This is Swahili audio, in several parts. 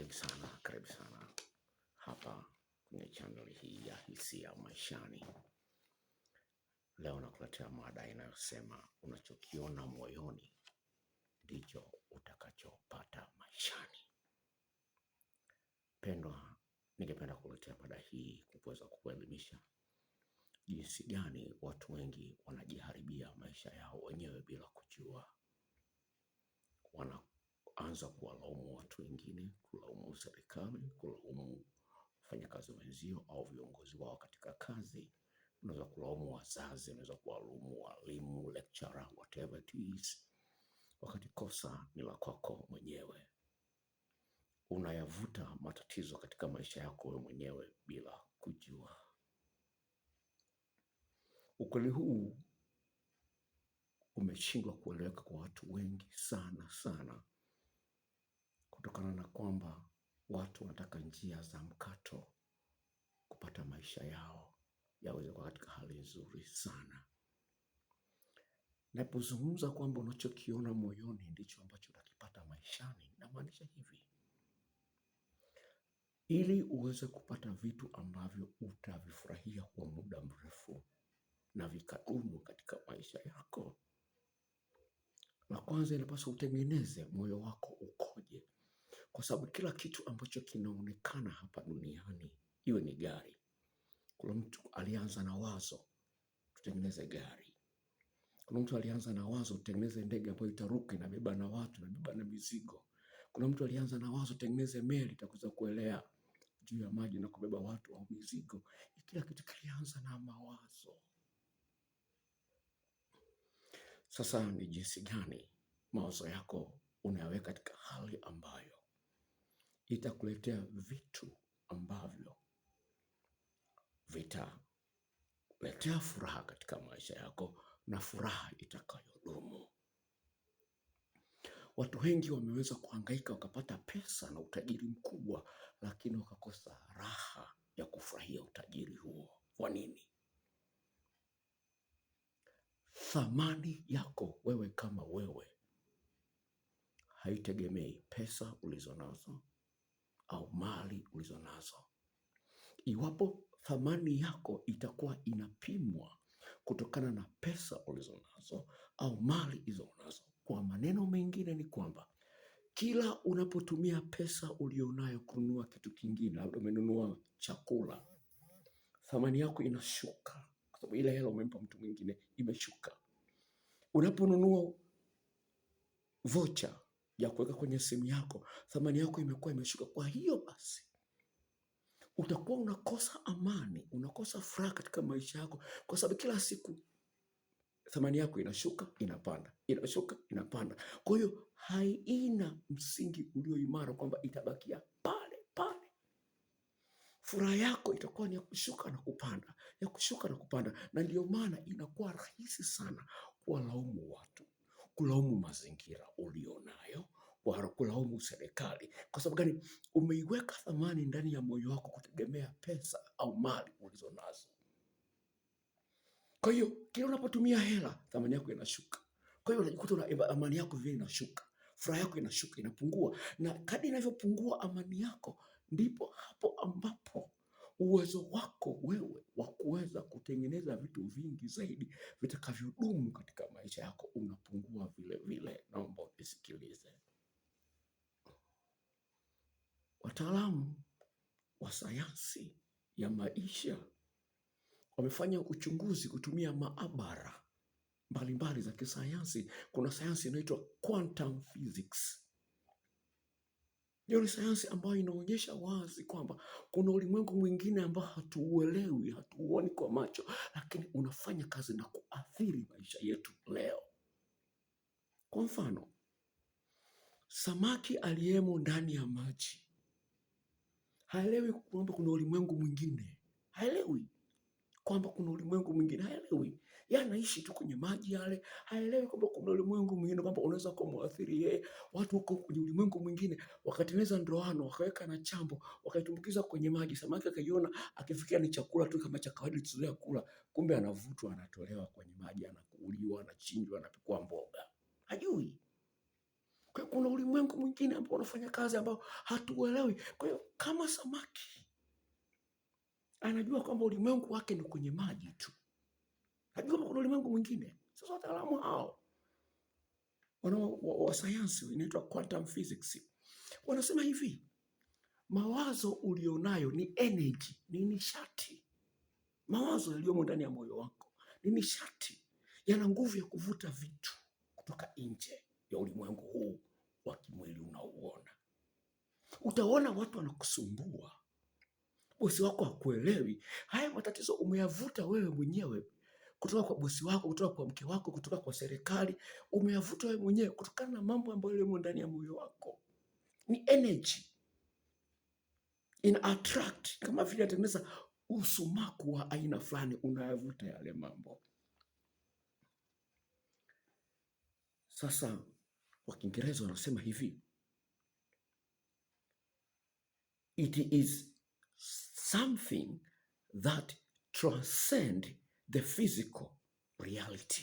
Karibu sana, karibu sana hapa kwenye channel hii ya Hisia Maishani. Leo nakuletea mada inayosema unachokiona moyoni ndicho utakachopata maishani. Pendwa, ningependa kuletea mada hii kuweza kukuelimisha jinsi gani watu wengi wanajiharibia maisha yao wenyewe bila kujua wana kuanza kuwalaumu watu wengine, kulaumu serikali, kulaumu wafanyakazi wenzio au viongozi wao katika kazi. Unaweza kulaumu wazazi, unaweza kuwalaumu walimu, lecturer, whatever it is, wakati kosa ni la kwako mwenyewe. Unayavuta matatizo katika maisha yako wewe mwenyewe bila kujua. Ukweli huu umeshindwa kueleweka kwa watu wengi sana sana, kutokana na kwamba watu wanataka njia za mkato kupata maisha yao yaweze kuwa katika hali nzuri sana. Napozungumza kwamba unachokiona moyoni ndicho ambacho utakipata maishani, namaanisha hivi: ili uweze kupata vitu ambavyo utavifurahia kwa muda mrefu na vikadumu katika maisha yako, la kwanza inapaswa utengeneze moyo wako kwa sababu kila kitu ambacho kinaonekana hapa duniani, iwe ni gari. Kuna mtu alianza na wazo, tutengeneze gari. Kuna mtu alianza na wazo, tutengeneze ndege ambayo itaruka, inabeba na watu, inabeba na mizigo. Kuna mtu alianza na wazo, tutengeneze meli itakuweza kuelea juu ya maji na kubeba watu au mizigo. Kila kitu kilianza na mawazo. Sasa ni jinsi gani mawazo yako unayaweka katika hali ambayo itakuletea vitu ambavyo vitaletea furaha katika maisha yako na furaha itakayodumu. Watu wengi wameweza kuhangaika wakapata pesa na utajiri mkubwa, lakini wakakosa raha ya kufurahia utajiri huo. Kwa nini? Thamani yako wewe kama wewe haitegemei pesa ulizonazo nazo, au mali ulizonazo. Iwapo thamani yako itakuwa inapimwa kutokana na pesa ulizonazo au mali ulizonazo, kwa maneno mengine ni kwamba kila unapotumia pesa ulionayo kununua kitu kingine, labda umenunua chakula, thamani yako inashuka kwa sababu ile hela umempa mtu mwingine imeshuka. Unaponunua vocha ya kuweka kwenye simu yako, thamani yako imekuwa imeshuka. Kwa hiyo basi utakuwa unakosa amani, unakosa furaha katika maisha yako, kwa sababu kila siku thamani yako inashuka, inapanda, inashuka, inapanda. Kwa hiyo haina msingi ulio imara kwamba itabakia pale pale. Furaha yako itakuwa ni ya kushuka na kupanda, ya kushuka na kupanda, na ndiyo maana inakuwa rahisi sana kuwalaumu watu kulaumu mazingira ulionayo, kwa kulaumu serikali. Kwa sababu gani? Umeiweka thamani ndani ya moyo wako kutegemea pesa au mali ulizo nazo Kwa hiyo kila unapotumia hela thamani yako inashuka. Kwa hiyo unajikuta amani yako vile inashuka, furaha yako inashuka, inapungua, na kadri inavyopungua amani yako, ndipo hapo ambapo uwezo wako wewe wa kuweza kutengeneza vitu vingi zaidi vitakavyodumu katika maisha yako unapungua vile vile. Naomba unisikilize. Wataalamu wa sayansi ya maisha wamefanya uchunguzi kutumia maabara mbalimbali za kisayansi. Kuna sayansi inaitwa quantum physics hiyo ni sayansi ambayo inaonyesha wazi kwamba kuna ulimwengu mwingine ambao hatuuelewi, hatuuoni kwa macho, lakini unafanya kazi na kuathiri maisha yetu leo. Kwa mfano, samaki aliyemo ndani ya maji haelewi kwamba kuna ulimwengu mwingine, haelewi kwamba kuna ulimwengu mwingine, haelewi yeye yaani anaishi tu kwenye maji yale, haelewi kwamba kuna ulimwengu mwingine, kwamba unaweza kumwathiri yeye. Watu huko kwenye ulimwengu mwingine, wakatengeneza ndoano, wakaweka na chambo, wakaitumbukiza kwenye maji, samaki akajiona, akifikia ni chakula tu kama cha kawaida tuzoea kula, kumbe anavutwa, anatolewa kwenye maji, anakuliwa, anachinjwa, anapikwa mboga, hajui kwa kuna ulimwengu mwingine ambao unafanya kazi ambao hatuelewi. Kwa hiyo kama samaki anajua kwamba ulimwengu wake ni kwenye maji tu, Hajui kama kuna ulimwengu mwingine. Sasa wataalamu hao wana wa sayansi inaitwa quantum physics. Wanasema hivi, mawazo ulionayo ni energy, ni nishati. Mawazo yaliyomo ndani ya moyo wako ni nishati, yana nguvu ya kuvuta vitu kutoka nje ya ulimwengu huu wa kimwili unaouona. Utaona watu wanakusumbua, bosi wako hakuelewi. Haya matatizo umeyavuta wewe mwenyewe kutoka kwa bosi wako, kutoka kwa mke wako, kutoka kwa serikali. Umeyavuta wewe mwenyewe kutokana na mambo ambayo yamo ndani ya moyo wako. Ni energy ina attract, kama vile inatengeneza usumaku wa aina fulani, unayavuta yale mambo. Sasa kwa Kiingereza wanasema hivi, it is something that transcends the physical reality.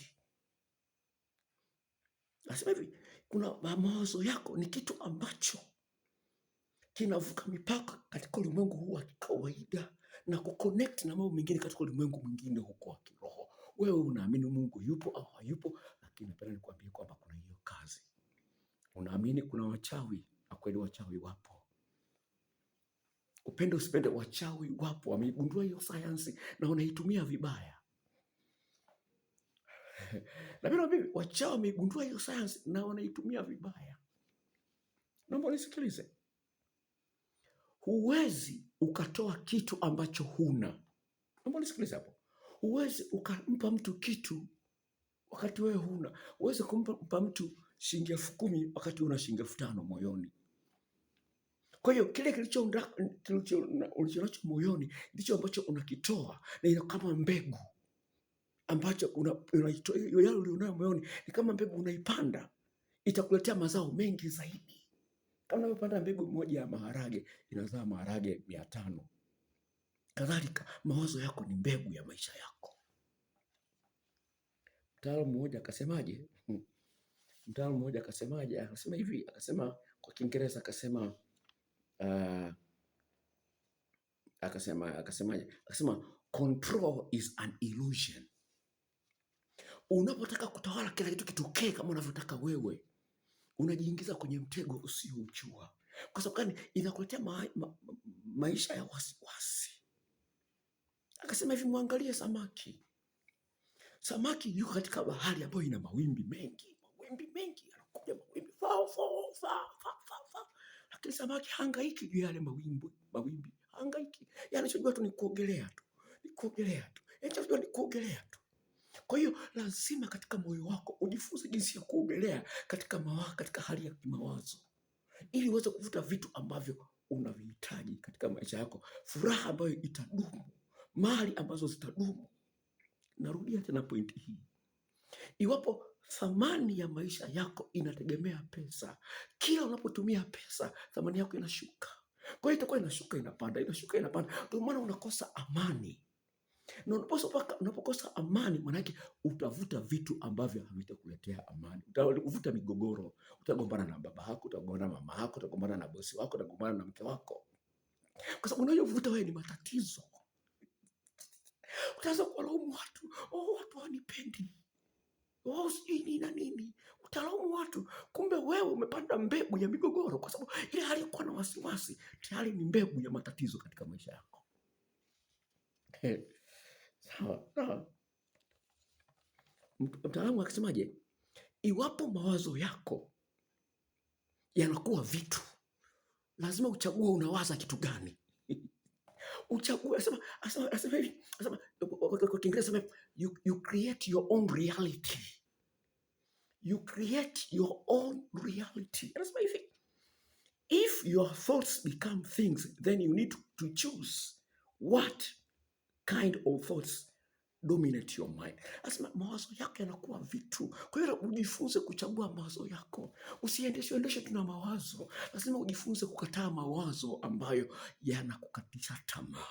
Nasema hivi, kuna mawazo yako ni kitu ambacho kinavuka mipaka katika ulimwengu huu wa kawaida na kuconnect na mambo mengine katika ulimwengu mwingine huko wa kiroho. Wewe unaamini Mungu yupo au hayupo, lakini napenda nikuambie kwamba kuna hiyo kazi. Unaamini kuna wachawi, na kweli wachawi wapo. Upende usipende, wachawi wapo, wameigundua hiyo sayansi na wanaitumia vibaya. na mimi bibi wachao wameigundua hiyo science na wanaitumia vibaya. Naomba nisikilize, huwezi ukatoa kitu ambacho huna. Naomba nisikilize hapo, huwezi ukampa mtu kitu wakati wewe huna. Huwezi kumpa mtu shilingi elfu kumi wakati una shilingi elfu tano moyoni. Kwa hiyo kile kilicho ulichonacho moyoni ndicho ambacho unakitoa na ina kama mbegu ambacho unaitoa yale ulionayo moyoni ni kama mbegu unaipanda, itakuletea mazao mengi zaidi. Kama unapanda mbegu moja ya maharage inazaa maharage mia tano. Kadhalika, mawazo yako ni mbegu ya maisha yako. Mtaalamu mmoja akasemaje? Hmm. Mtaalamu mmoja akasemaje? Akasema hivi, akasema kwa Kiingereza akasema uh, akasema akasemaje? Akasema control is an illusion. Unapotaka kutawala kila kitu kitokee kama unavyotaka wewe, unajiingiza kwenye mtego usiouchua. Kwa sababu gani? Inakuletea ma, ma, maisha ya wasiwasi. Akasema hivi, mwangalie samaki. Samaki yuko katika bahari ambayo ina mawimbi mengi, mawimbi mengi, yanakuja, mawimbi fa fa fa fa, lakini samaki hangaiki juu yale mawimbi, mawimbi hangaiki, yani anachojua tu ni kuogelea tu, ni kuogelea tu, yani anachojua ni kuogelea tu kwa hiyo lazima katika moyo wako ujifunze jinsi ya kuogelea katika mawa, katika hali ya kimawazo ili uweze kuvuta vitu ambavyo unavihitaji katika maisha yako, furaha ambayo itadumu, mali ambazo zitadumu. Narudia tena pointi hii, iwapo thamani ya maisha yako inategemea pesa, kila unapotumia pesa thamani yako inashuka. Kwa hiyo itakuwa inashuka, inapanda, inashuka, inapanda, ndio maana unakosa amani. Na unapokosa amani, manake utavuta vitu ambavyo havitakuletea amani. Utavuta migogoro, utagombana na baba yako, utagombana na mama yako, utagombana na bosi wako, utagombana na mke wako, kwa sababu unayovuta wewe ni matatizo. Utaanza kuwalaumu watu, oh, watu hawanipendi wao oh, nini na nini, utalaumu watu. Kumbe wewe umepanda mbegu ya migogoro, kwa sababu ile hali kuwa na wasiwasi tayari ni mbegu ya matatizo katika maisha yako. Mtaalamu akasemaje? Iwapo mawazo yako yanakuwa vitu, lazima uchague unawaza kitu gani. Uchague, kwa Kiingereza you create your own reality. You create your own reality. Anasema hivi, if your thoughts become things then you need to choose what kind of thoughts dominate your mind. Asma, mawazo yako yanakuwa vitu. Kwa hiyo ujifunze kuchagua mawazo yako, usiendeshwe endeshe na mawazo. Lazima ujifunze kukataa mawazo ambayo yanakukatisha tamaa,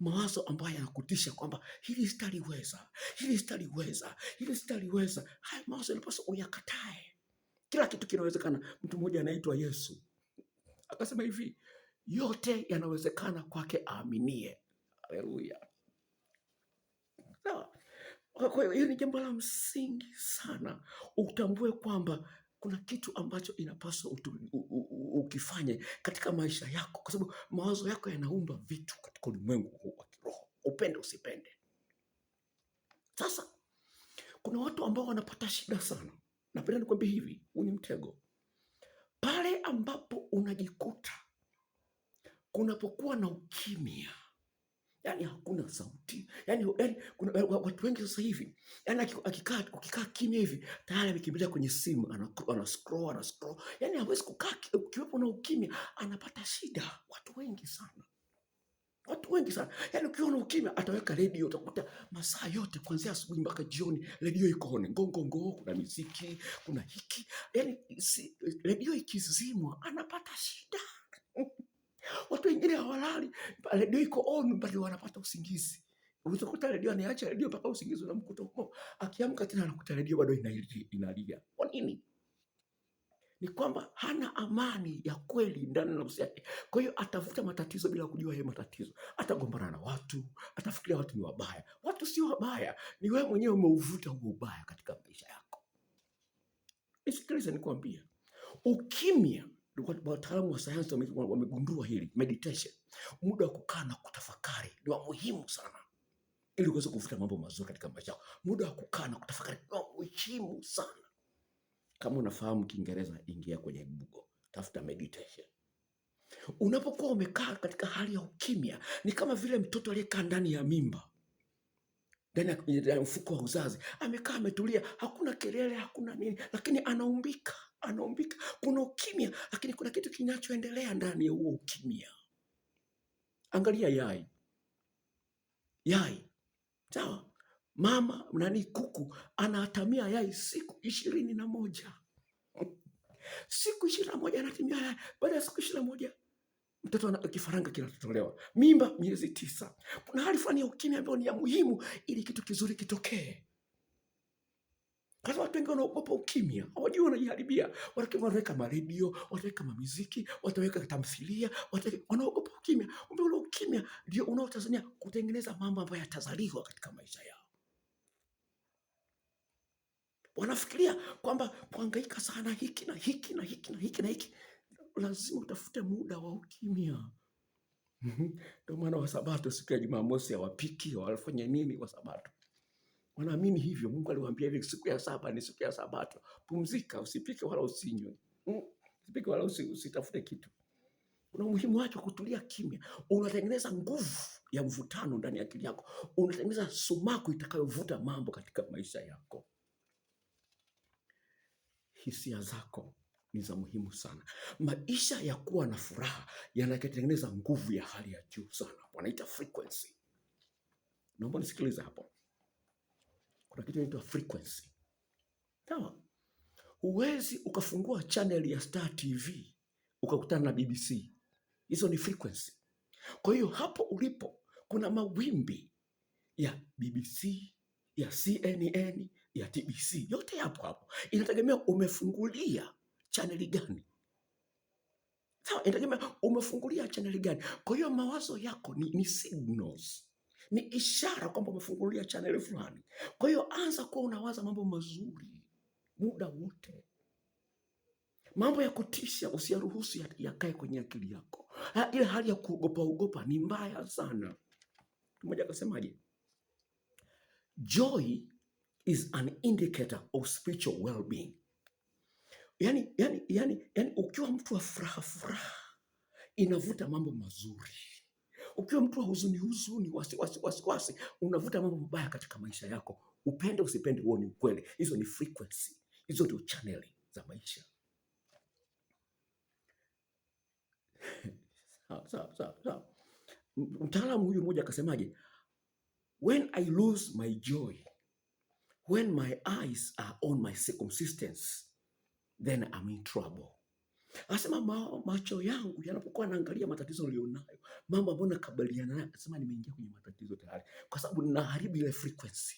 mawazo ambayo yanakutisha kwamba hili sitaliweza, hili sitaliweza, hili sitaliweza. Haya mawazo yanapaswa uyakatae. Kila kitu kinawezekana. Mtu mmoja anaitwa Yesu akasema hivi, yote yanawezekana kwake aaminie. Haleluya! Kwa hiyo ni jambo la msingi sana utambue kwamba kuna kitu ambacho inapaswa ukifanye katika maisha yako, kwa sababu mawazo yako yanaumba vitu katika ulimwengu huu wa kiroho, upende usipende. Sasa kuna watu ambao wanapata shida sana. Napenda nikwambie hivi, huu ni mtego. Pale ambapo unajikuta kunapokuwa na ukimya yani hakuna sauti yani, yani, kuna watu wengi sasa hivi yani akikaa ukikaa kimya hivi tayari amekimbilia kwenye simu, ana ana scroll ana scroll, yani hawezi kukaa ukiwepo na ukimya, anapata shida. Watu wengi sana, watu wengi sana yani, ukiwa na ukimya, ataweka redio, utakuta masaa yote kuanzia asubuhi mpaka jioni, redio iko on ngongongo, kuna muziki, kuna hiki yani, si, redio ikizimwa anapata shida. Watu wengine hawalali, redio iko on bali wanapata usingizi. Unakuta redio anaacha redio mpaka usingizi unamkuta huko, akiamka tena anakuta redio bado inalia. Kwa nini? Ni kwamba hana amani ya kweli ndani ya nafsi yake. Kwa hiyo atafuta matatizo bila kujua yeye matatizo, atagombana na watu, atafikiria watu ni wabaya. Watu si wabaya, ni wewe mwenyewe umeuvuta huo ubaya katika maisha yako. Nisikilize nikwambie, ukimya wataalamu wa sayansi wamegundua hili. Meditation, muda wa kukaa na kutafakari, ni wa muhimu sana ili uweze kuvuta mambo mazuri katika maisha yako. Muda wa kukaa na kutafakari ni wa muhimu sana. Kama unafahamu Kiingereza, ingia kwenye Google, tafuta meditation. Unapokuwa umekaa katika hali ya ukimya, ni kama vile mtoto aliyekaa ndani ya mimba ndani ya mfuko wa uzazi, amekaa ametulia, hakuna kelele, hakuna nini, lakini anaumbika anaumbika. Kuna ukimya, lakini kuna kitu kinachoendelea ndani ya huo ukimya. Angalia yai, yai sawa, mama nani, kuku anaatamia yai siku ishirini na moja siku ishirini na moja anatimia yai. Baada ya siku ishirini na moja mtoto kifaranga kinatotolewa, mimba miezi tisa. Kuna hali fulani ya ukimya ambayo ni ya muhimu ili kitu kizuri kitokee. Kana watu wengi wanaogopa ukimya, hawajui wanajiharibia. Watu wanaweka maredio, wataweka mamiziki, wataweka tamthilia, wanaogopa ukimya. Kumbe ule ukimya ndio unaotazania kutengeneza mambo ambayo yatazaliwa katika maisha yao. Wanafikiria kwamba kuhangaika sana hiki na hiki na hiki na hiki na hiki, lazima utafute muda wa ukimya. Ndio maana Wasabato siku ya Jumamosi hawapiki, hawafanya nini Wasabato wanaamini hivyo. Mungu aliwaambia hivi, siku ya saba ni siku ya Sabato, pumzika, usipike wala usinywe, mm, usipike wala usitafute kitu. Una umuhimu wake kutulia kimya. Unatengeneza nguvu ya mvutano ndani ya akili yako, unatengeneza sumaku itakayovuta mambo katika maisha yako. Hisia zako ni za muhimu sana. Maisha ya kuwa na furaha yanatengeneza nguvu ya hali ya juu sana, wanaita frequency. Naomba nisikilize hapo kuna kitu inaitwa frequency. Sawa? Huwezi ukafungua channel ya Star TV ukakutana na BBC. Hizo ni frequency. Kwa hiyo hapo ulipo kuna mawimbi ya BBC, ya CNN, ya TBC, yote yapo hapo. Inategemea umefungulia chaneli gani. Sawa, inategemea umefungulia chaneli gani. Kwa hiyo mawazo yako ni, ni signals ni ishara kwamba umefungulia chaneli fulani. Kwa hiyo anza kuwa unawaza mambo mazuri muda wote. Mambo ya kutisha usiyaruhusu yakae kwenye akili yako. Ile hali ya kuogopa ogopa ni mbaya sana. Mmoja akasemaje? Joy is an indicator of spiritual well-being. Yani, yani, yani, yani ukiwa mtu wa furaha furaha inavuta mambo mazuri ukiwa mtu wa huzuni huzuni, wasiwasi unavuta mambo mabaya katika maisha yako. Upende usipende, huo ni ukweli. Hizo ni frequency, hizo ndio chaneli za maisha. Sawa sawa sawa. Mtaalamu huyu mmoja akasemaje? When I lose my joy, when my eyes are on my circumstances, then I'm in trouble. Anasema macho yangu yanapokuwa naangalia matatizo nilionayo, mambo ambayo nakabiliana nayo, anasema nimeingia kwenye matatizo tayari, kwa sababu ninaharibu ile frequency.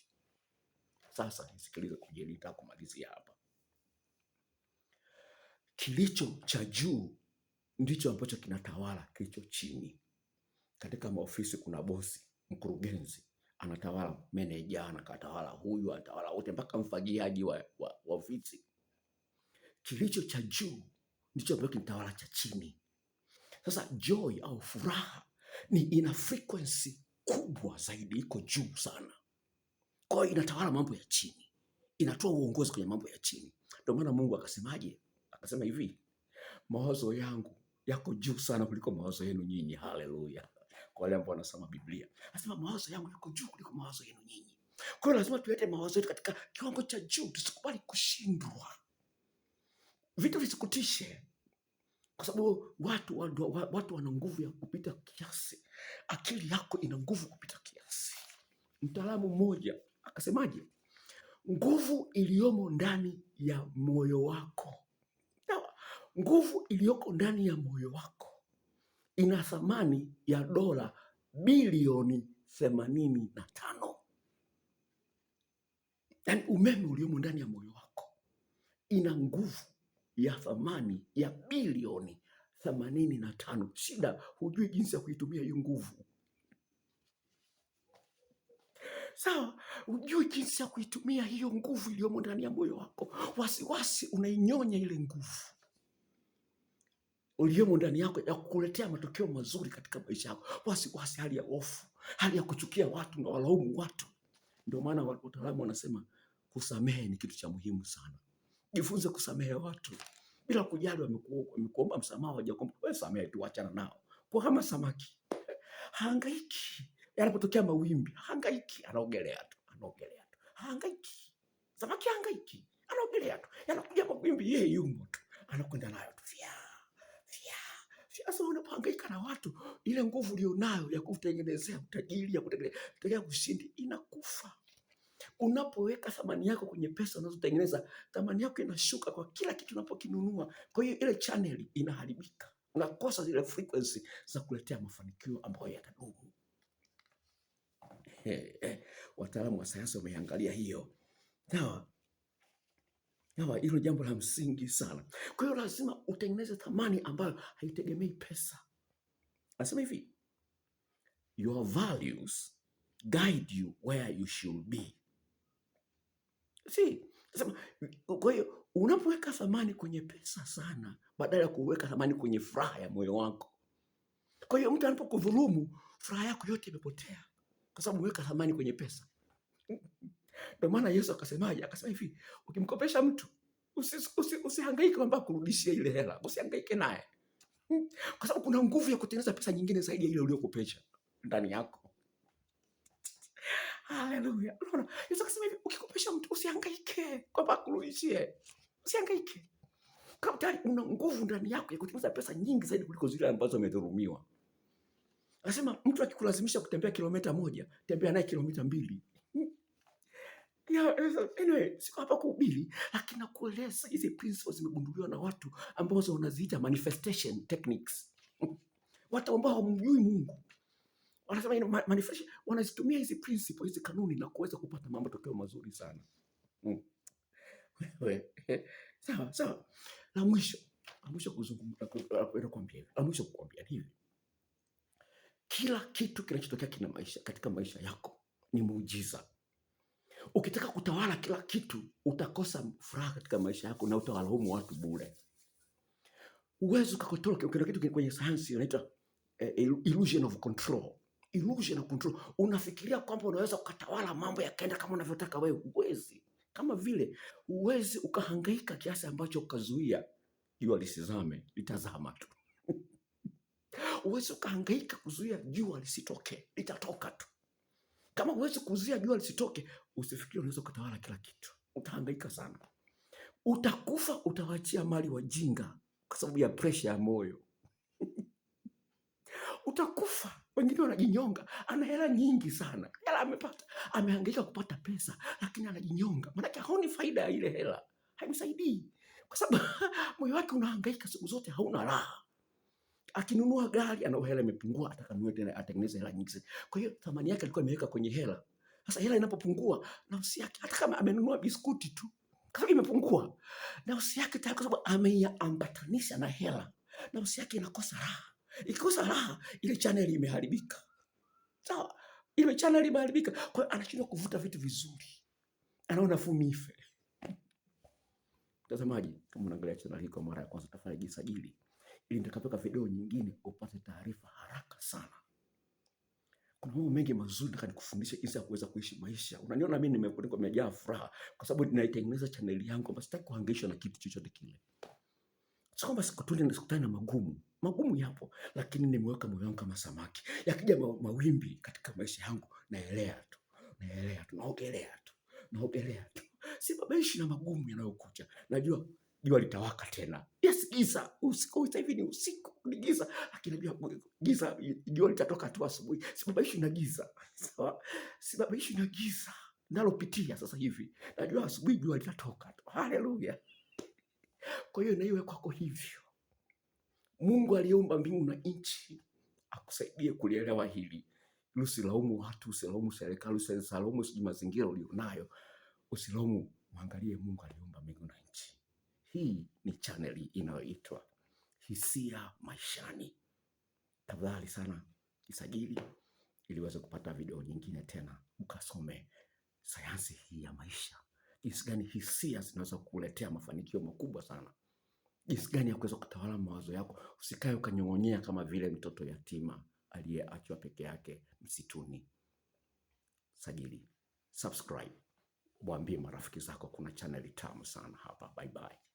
Sasa nisikilize, kujelita kumalizia hapa, kilicho cha juu ndicho ambacho kinatawala kilicho chini. Katika maofisi kuna bosi, mkurugenzi anatawala meneja, anatawala huyu, anatawala wote, mpaka mfagiaji wa ofisi. Kilicho cha juu ndicho ambacho kinatawala cha chini. Sasa joy au furaha ni ina frequency kubwa zaidi, iko juu sana, kwa hiyo inatawala mambo ya chini, inatoa uongozi kwenye mambo ya chini. Ndio maana Mungu akasemaje? Akasema hivi, mawazo yangu yako juu sana kuliko mawazo yenu nyinyi. Haleluya! Kwa wale ambao wanasoma Biblia, anasema mawazo yangu yako juu kuliko mawazo yenu nyinyi. Kwa hiyo lazima tuwete mawazo yetu katika kiwango cha juu, tusikubali kushindwa vitu visikutishe, kwa sababu watu wana watu wana nguvu ya kupita kiasi. Akili yako ina nguvu kupita kiasi. Mtaalamu mmoja akasemaje? Nguvu iliyomo ndani ya moyo wako, nguvu iliyoko ndani ya moyo wako ina thamani ya dola bilioni themanini na tano. Yaani umeme uliomo ndani ya moyo wako ina nguvu ya thamani ya bilioni themanini na tano. Shida hujui jinsi ya kuitumia hiyo nguvu, sawa? Hujui jinsi ya kuitumia hiyo nguvu iliyomo ndani ya moyo wako. Wasiwasi unainyonya ile nguvu uliyomo ndani yako ya kukuletea matokeo mazuri katika maisha yako. Wasiwasi, hali ya hofu, hali ya kuchukia watu na walaumu watu. Ndio maana wataalamu wanasema kusamehe ni kitu cha muhimu sana jifunze kusamehe watu bila kujali wamekuomba msamaha, wajakuomba wewe, samehe tu, achana nao. Kwa kama samaki haangaiki, yanapotokea mawimbi haangaiki, anaogelea tu, anaogelea tu, haangaiki. Samaki haangaiki, anaogelea tu, yanakuja mawimbi, yeye yumo tu, anakwenda nayo tu fia sasa unapohangaika na watu, ile nguvu ulionayo ya kutengenezea utajiri, ya kutengenezea ushindi inakufa. Unapoweka thamani yako kwenye pesa unazotengeneza, thamani yako inashuka kwa kila kitu unapokinunua. Kwa hiyo ile channel inaharibika, unakosa zile frequency za kuletea mafanikio ambayo yatadumu. Hey, hey. Eh, wataalamu wa sayansi wameangalia hiyo. Sawa? Sawa, hilo jambo la msingi sana. Kwa hiyo lazima utengeneze thamani ambayo haitegemei pesa. Anasema hivi, your values guide you where you should be si kwa hiyo unapoweka thamani kwenye pesa sana, badala ya kuweka thamani kwenye furaha ya moyo wako. Kwa hiyo mtu anapokudhulumu, furaha yako yote imepotea, kwa sababu uweka thamani kwenye pesa. Ndio maana Yesu akasemaje? Akasema hivi, ukimkopesha mtu usihangaike kwamba kurudishia ile hela, usihangaike naye, kwa sababu kuna nguvu ya kutengeneza pesa nyingine zaidi ya ile uliyokopesha ndani yako. Haleluya. Unaona? Yesu akasema hivi, ukikopesha mtu usihangaike kwamba akurudishie. Usihangaike. Kama tayari una nguvu ndani yako ya kutengeneza pesa nyingi zaidi kuliko zile ambazo umedhulumiwa. Anasema mtu akikulazimisha kutembea kilomita moja, tembea naye kilomita mbili. Hmm. Yeah, anyway, siko hapa kuhubiri lakini nakueleza hizi principles zimegunduliwa na watu ambao wanaziita manifestation techniques. Watu ambao hawamjui Mungu wanasema you know, manifestation wanazitumia hizi principle hizi kanuni na kuweza kupata mambo tokeo mazuri sana mm. sawa sawa. La mwisho la mwisho kuzungumza kuambia la mwisho kuambia hivi, kila kitu kinachotokea kina maisha katika maisha yako ni muujiza. Ukitaka kutawala kila kitu utakosa furaha katika maisha yako na utawalaumu watu bure. Uwezo kakotoka ukakotoa kitu kwenye sayansi inaitwa eh, illusion of control illusion na control. Unafikiria kwamba unaweza ukatawala mambo yakaenda kama unavyotaka wewe, uwezi. Kama vile uwezi ukahangaika kiasi ambacho ukazuia jua lisizame, litazama tu. Uwezi ukahangaika kuzuia jua lisitoke, litatoka tu. Kama uwezi kuzuia jua lisitoke, usifikiri unaweza ukatawala kila kitu, utahangaika sana. Utakufa, utawachia mali wajinga kwa sababu ya presha ya moyo utakufa wengine wanajinyonga, ana hela nyingi sana, hela amepata, amehangaika kupata pesa, lakini anajinyonga, maanake haoni faida ya ile hela, haimsaidii kwa sababu moyo wake unahangaika siku zote, hauna raha. Akinunua gari, ana hela imepungua, atakanunua tena, atengeneze hela nyingi sana. Kwa hiyo thamani yake alikuwa ameweka kwenye hela. Sasa hela inapopungua, nafsi yake, hata kama amenunua biskuti tu, kwa sababu imepungua nafsi yake tayari, kwa sababu ameiambatanisha na hela, nafsi yake inakosa raha. Ikikosa raha, ile chaneli imeharibika. Sawa, ile chaneli imeharibika. Kwa hiyo anashindwa kuvuta vitu vizuri, anaona fumife. Mtazamaji, kama unaangalia chaneli hii kwa mara ya kwanza, tafadhali jisajili ili nitakapoweka video nyingine upate taarifa haraka sana. Kuna mambo mengi mazuri nataka nikufundishe jinsi ya kuweza kuishi maisha. Unaniona mimi nimekuwa nimejaa furaha kwa sababu ninaitengeneza channel yangu, sitaki kuhangaishwa na kitu chochote kile. Sio kwamba sikutuni na sikutani na magumu magumu yapo, lakini nimeweka moyo wangu kama samaki. Yakija mawimbi katika maisha yangu, naelea tu, naelea tu, naogelea tu, naogelea tu, sibabaishi na magumu yanayokuja. Najua jua litawaka tena. Yes, giza usiku. Sasa hivi ni usiku, ni giza, lakini najua giza, jua litatoka tu asubuhi. Sibabaishi na giza, sawa? Sibabaishi na giza nalopitia sasa hivi, najua asubuhi jua litatoka tu. Haleluya! Kwa hiyo naiwe kwako hivyo Mungu aliyeumba mbingu na nchi akusaidie kulielewa hili. Usilaumu watu, usilaumu serikali, usilaumu sijui mazingira ulionayo, usilaumu, mwangalie Mungu aliyeumba mbingu na nchi. Hii ni chaneli inayoitwa Hisia Maishani. Tafadhali sana jisajili ili uweze kupata video nyingine tena, ukasome sayansi hii ya maisha, jinsi gani hisia zinaweza kukuletea mafanikio makubwa sana jinsi gani ya kuweza kutawala mawazo yako. Usikae ukanyong'onyea kama vile mtoto yatima aliyeachwa peke yake msituni. Sajili, subscribe, waambie marafiki zako, kuna chaneli tamu sana hapa. Bye bye.